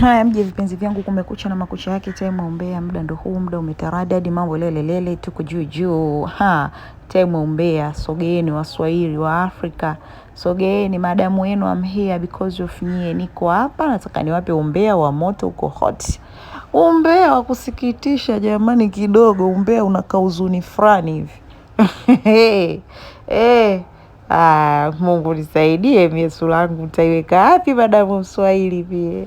Haya mje vipenzi vyangu, kumekucha na makucha yake, time umbea, muda ndo huu, muda umetaradadi, mambo lelelele, tuko juu juu. Ha, time umbea, sogeeni Waswahili wa Afrika, sogeeni madamu wenu, am here because of nyie. Niko hapa nataka niwape umbea wa moto, uko hot, umbea wa kusikitisha jamani, kidogo umbea unakauzuni huzuni fulani hivi eh Ah, Mungu nisaidie, mie sura yangu nitaiweka wapi madamu Mswahili pia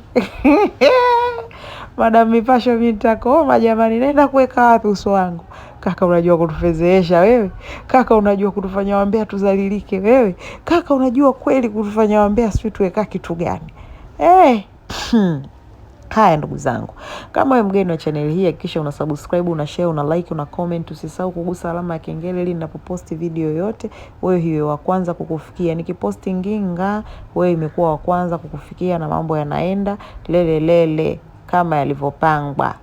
madamu Mipasho mi nitakoma jamani, naenda kuweka wapi uso wangu? Kaka unajua kutufezeesha wewe, kaka unajua kutufanya wambea tuzalilike wewe, kaka unajua kweli kutufanya wambea sijui tuwekaa kitu gani eh? Hmm. Haya ndugu zangu, kama wewe mgeni wa channel hii, hakikisha una subscribe, una share, una like, una comment. Usisahau kugusa alama ya kengele ili ninapoposti video yoyote wewe hiyo wa kwanza kukufikia. Nikiposti nginga, wewe imekuwa wa kwanza kukufikia, na mambo yanaenda lele lele, kama yalivyopangwa.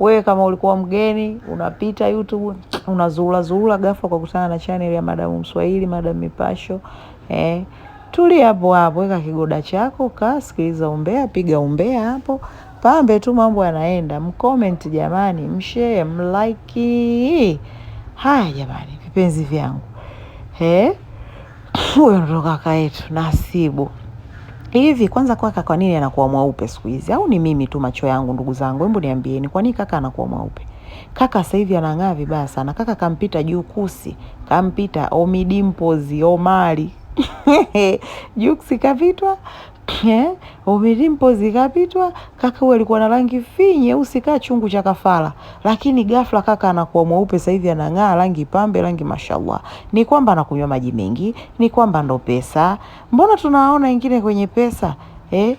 Wewe kama ulikuwa mgeni unapita YouTube unazuula zuula, ghafla kwa kukutana na channel ya Madam Mswahili, Madam Mipasho eh, tulia hapo hapo, weka kigoda chako, kaa sikiliza umbea, piga umbea hapo pambe tu mambo yanaenda. Mcomment jamani, mshare, mlaiki. Haya jamani, vipenzi vyangu, huyo ndo kaka yetu Nasibu. Hivi kwanza kaka, kwa nini anakuwa mweupe siku hizi? Au ni mimi tu macho yangu? Ndugu zangu, hebu niambieni, kwa nini kaka anakuwa mweupe? Kaka sasa hivi anang'aa vibaya sana. Kaka kampita Jukusi, kampita omidimpozi omali Juksi kapitwa yeah. Umilimpozi kapitwa kaka, huyo alikuwa na rangi fii nyeusi kaa chungu cha kafara, lakini ghafla kaka anakuwa mweupe sasa hivi, anang'aa rangi pambe, rangi mashallah. Ni kwamba anakunywa maji mengi, ni kwamba ndo pesa. Mbona tunaona wengine kwenye pesa eh?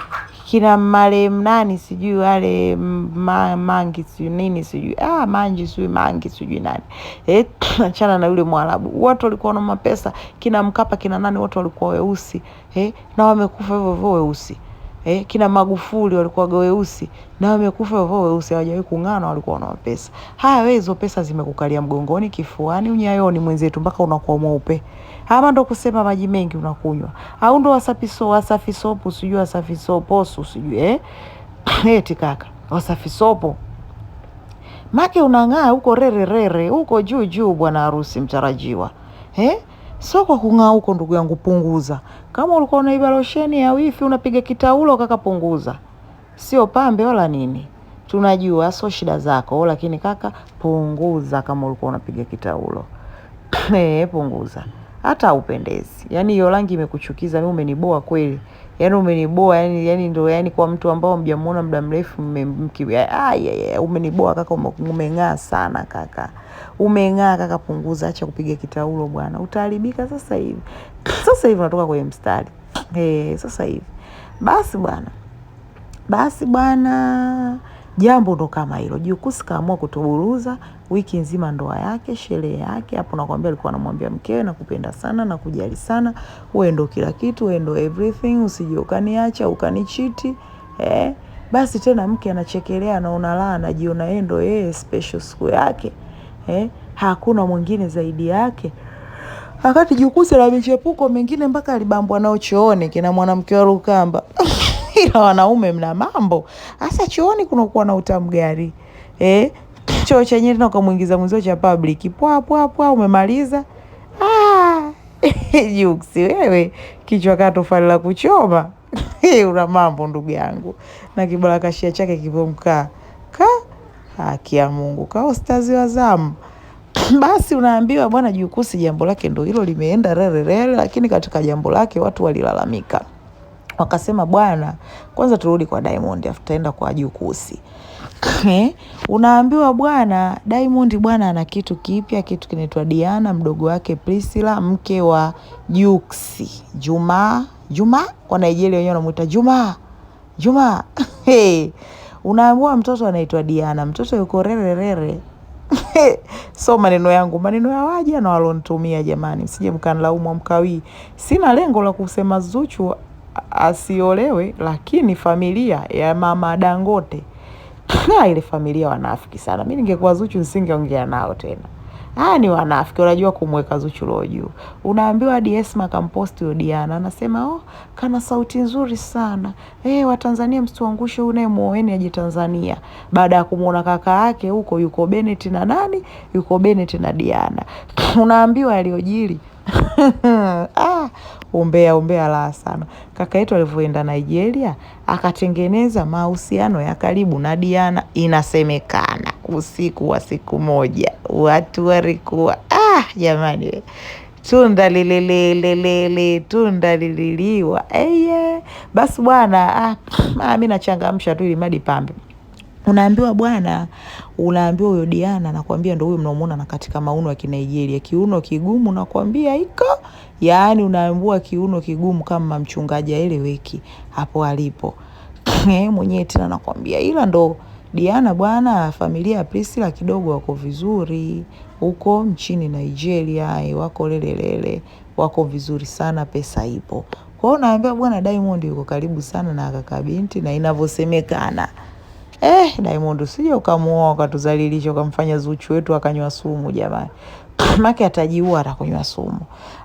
kina male mnani sijui wale ma, mangi sijui nini sijui ah, manji sijui mangi sijui nani eh, achana na yule Mwarabu, wote walikuwa na mapesa. Kina Mkapa kina nani, wote walikuwa weusi eh, na wamekufa hivyo hivyo weusi eh, kina Magufuli walikuwa weusi na wamekufa hivyo weusi, hawajawahi kung'ana, walikuwa wana pesa. Haya, wewe hizo pesa zimekukalia mgongoni, kifuani, unyayoni mwenzetu, mpaka unakuwa mweupe. Ama ndo kusema maji mengi unakunywa, au ndo wasafi so wasafi wasafisopo, sijui wasafi wasafisoposu, sijui eh, eh eti kaka wasafi sopo. make unang'aa huko rererere huko juu juu, bwana harusi mtarajiwa eh? Sio kwa kung'aa huko, ndugu yangu, punguza. Kama ulikuwa unaiba losheni ya wifi unapiga kitaulo kaka, punguza. Sio pambe wala nini, tunajua sio shida zako, lakini kaka, punguza. Kama ulikuwa unapiga kitaulo eh, punguza hata upendezi. Yaani hiyo rangi imekuchukiza, mimi umeniboa kweli. Yaani umeniboa, yani yani ndio yani kwa mtu ambao mjamuona muda mrefu mmemkibia. umeniboa kaka, umeng'aa sana kaka. Umeng'aa kaka, punguza, acha kupiga kitaulo bwana. Utaharibika sasa hivi. Sasa hivi unatoka kwenye mstari. Eh, sasa hivi. Basi bwana. Basi bwana. Jambo ndo kama hilo. Jukusi kaamua kutuburuza wiki nzima ndoa yake, sherehe yake. Hapo nakwambia alikuwa anamwambia mkewe na kupenda sana na kujali sana, wewe ndo kila kitu, wewe ndo everything, usije ukaniacha ukanichiti eh. Basi tena mke anachekelea, anaona la, anajiona yeye ndo yeye special siku yake eh, hakuna mwingine zaidi yake wakati Jukusi la michepuko mengine mpaka alibambwa nao chooni kina mwanamke wa Rukamba. ila wanaume mna mambo. Hasa chooni kunakuwa na utamu gari eh? Choo chenyewe tena ukamwingiza mwenzio cha public, pwa pwa pwa, umemaliza ah. Juksi wewe, kichwa kaa tofali la kuchoma eh, una mambo ndugu yangu, na kibarakashia chake kivomkaa ka haki ya Mungu ka ustazi wa zamu basi unaambiwa bwana Jukusi jambo lake ndo hilo limeenda rererere, lakini katika jambo lake watu walilalamika wakasema bwana, kwanza turudi kwa Diamond afu tutaenda kwa Jukusi. Eh, unaambiwa bwana, Diamond bwana ana kitu kipya, kitu kinaitwa Diana, mdogo wake Priscilla, mke wa Juksi Juma Juma. Kwa Nigeria wenyewe wanamuita Juma Juma. Hey, unaambiwa mtoto anaitwa Diana, mtoto yuko rererere so maneno yangu maneno ya waja na walonitumia, jamani, msije mkanlaumu mkawii. Sina lengo la kusema Zuchu asiolewe, lakini familia ya mama Dangote ile familia wanafiki sana. Mimi ningekuwa Zuchu nisingeongea nao tena. Haya ni wanafiki, unajua kumweka Zuchu leo juu. Unaambiwa Diesma kamposti Odiana, anasema oh, kana sauti nzuri sana eh, Watanzania msituangushe, unaye muoeni aje Tanzania, baada ya kumuona kaka yake huko yuko benet na nani yuko Benet na Diana. Unaambiwa aliyojiri Ah, umbea umbea la sana. Kaka yetu alivyoenda Nigeria akatengeneza mahusiano ya karibu na Diana, inasemekana usiku wa siku moja watu walikuwa ah, jamani, tunda lililililili tunda lililiwa eye, basi bwana ah, ah mi nachangamsha tu madi pambe Unaambiwa bwana, unaambiwa huyo Diana nakwambia ndo huyo mnamuona na katika mauno ya Kinigeria, kiuno kigumu nakwambia iko. Yaani unaambiwa kiuno kigumu kama mchungaji aeleweki hapo alipo. Mwenyewe tena nakwambia ila ndo Diana bwana, familia ya Priscilla kidogo wako vizuri huko nchini Nigeria, e, wako lelelele, wako vizuri sana, pesa ipo. kwao. naambia bwana, Diamond yuko karibu sana na kaka binti na inavyosemekana. Eh, Diamond usije ukamuoa ukatuzalilisha ukamfanya Zuchu wetu akanywa sumu jamani. Make atajiua atakunywa sumu.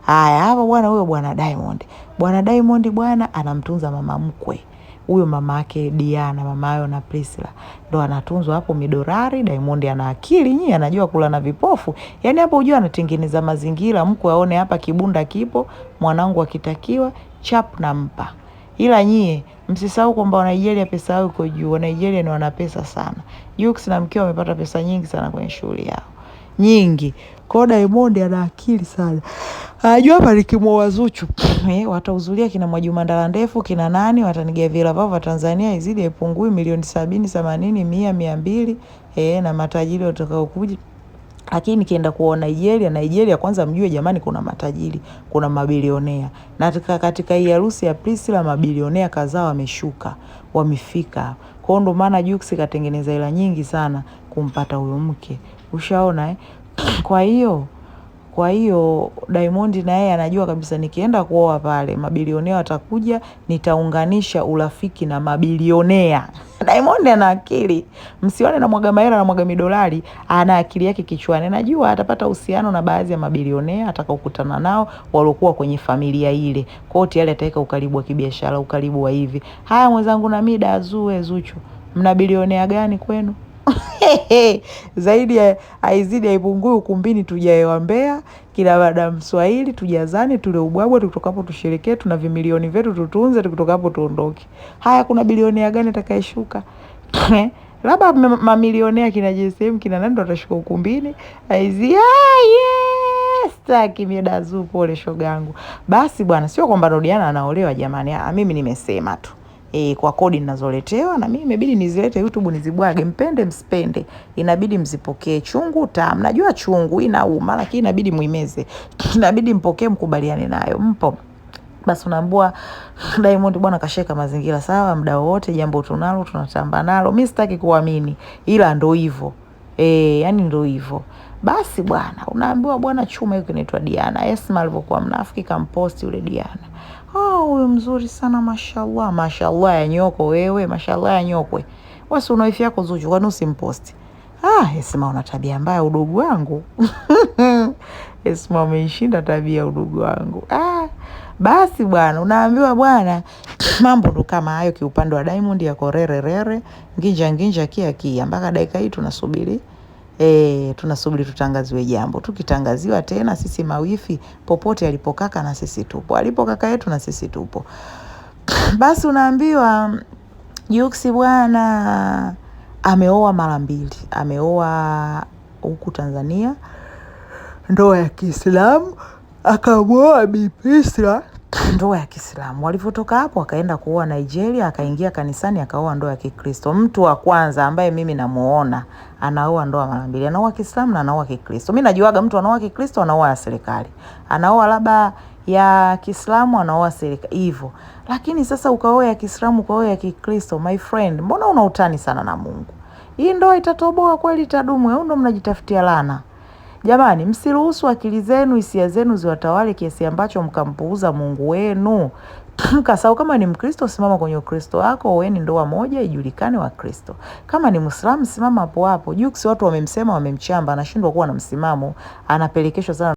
Haya, hapa bwana huyo bwana Diamond. Bwana Diamond bwana anamtunza mama mkwe. Huyo mama yake Diana, mama yao na Priscilla. Ndo anatunzwa hapo midorari. Diamond ana akili nyinyi, anajua kula na vipofu. Yaani hapo ujua anatengeneza mazingira mkwe aone hapa kibunda kipo, mwanangu akitakiwa chap nampa. Ila nyie msisahau kwamba Wanigeria pesa yao iko juu. Wanigeria ni wana pesa sana. Jux na mkeo wamepata pesa nyingi sana kwenye shughuli yao nyingi. Kwa Diamond ana akili sana, anajua hapa nikimwoa Zuchu eh, watauzulia kina Mwajuma Ndala ndefu kina nani, vila vao vya Tanzania izidi haipungui milioni sabini themanini mia mia mbili eh, na matajiri watakao kuja lakini nikienda kuwa Nigeria, Nigeria kwanza mjue jamani kuna matajiri, kuna mabilionea. Na katika hii harusi ya Priscilla mabilionea kadhaa wameshuka, wamefika. Kwa hiyo ndo maana Jux katengeneza hela nyingi sana kumpata huyo mke. Ushaona eh? Kwa hiyo kwa hiyo Diamond na yeye anajua kabisa nikienda kuoa pale mabilionea watakuja, nitaunganisha urafiki na mabilionea. Diamond ana akili, msione na mwaga mahela na mwaga midolari, ana akili yake kichwani. Najua atapata uhusiano na baadhi ya mabilionea atakokutana nao waliokuwa kwenye familia ile, kwa hiyo tayari ataweka ukaribu wa kibiashara, ukaribu wa hivi haya. Mwenzangu na mida azue Zuchu, mna bilionea gani kwenu? zaidi aizidi aipungue ukumbini, tujaewa Mbeya kila baada Mswahili, tujazane tule ubwabwa, tukitokapo tusherekee, tuna vimilioni vyetu tutunze, tukitokapo tuondoke. Haya, kuna bilionea gani atakayeshuka? labda mamilionea kina JSM kina nani ndo atashuka ukumbini aizia Staki miedazu, pole shogangu. Basi bwana, sio kwamba Rodiana anaolewa jamani, mimi nimesema tu e, kwa kodi ninazoletewa na mimi imebidi nizilete YouTube nizibwage, mpende msipende, inabidi mzipokee chungu tamu. Najua chungu inauma, lakini inabidi muimeze, inabidi mpokee, mkubaliane nayo, mpo basi unaambua Diamond bwana kasheka mazingira sawa, muda wote jambo tunalo tunatamba nalo. Mimi sitaki kuamini, ila ndo hivyo eh, yani ndo hivyo basi bwana. Unaambiwa bwana chuma hiyo kinaitwa Diana. Esma alivyokuwa mnafiki kamposti yule Diana. Ah, huyu mzuri sana mashallah, mashallah ya nyoko wewe, mashallah ya nyokwe. Wasi una yako Zuchu, kwani usimposti? Ah, Esma una tabia mbaya udugu wangu. Esma umeishinda tabia udugu wangu. Ah, basi bwana, unaambiwa bwana, mambo ndo kama hayo kiupande wa Diamond ya rere, nginja nginja, kia kia, mpaka dakika hii tunasubiri e, tunasubiri tutangaziwe jambo. Tukitangaziwa tena sisi mawifi, popote alipokaka na sisi tupo, alipokaka yetu na sisi tupo. Basi unaambiwa juksi bwana ameoa mara mbili, ameoa huku Tanzania ndoa ya Kiislamu, akamwoa Bipisra ndoa ya Kiislamu. Walivyotoka hapo akaenda kuoa Nigeria, akaingia kanisani akaoa ndoa ya Kikristo. Mtu wa kwanza ambaye mimi namuona anaoa ndoa mara mbili, anaoa Kiislamu na anaoa Kikristo. Mimi najuaga mtu anaoa Kikristo, anaoa ya serikali, anaoa labda ya Kiislamu, anaoa serikali hivyo. Lakini sasa ukaoa ya Kiislamu, ukaoa ya Kikristo, my friend, mbona una utani sana na Mungu? Hii ndoa itatoboa kweli? Itadumu? Au ndo mnajitafutia laana? Jamani, msiruhusu akili zenu, hisia zenu ziwatawale kiasi ambacho mkampuuza Mungu wenu. Kasau, kama ni Mkristo simama kwenye Ukristo wako, weni ndoa moja ijulikane wa Kristo. Kama ni Muislamu simama hapo hapo. Jux watu wamemsema, wamemchamba, anashindwa kuwa na msimamo, anapelekeshwa sana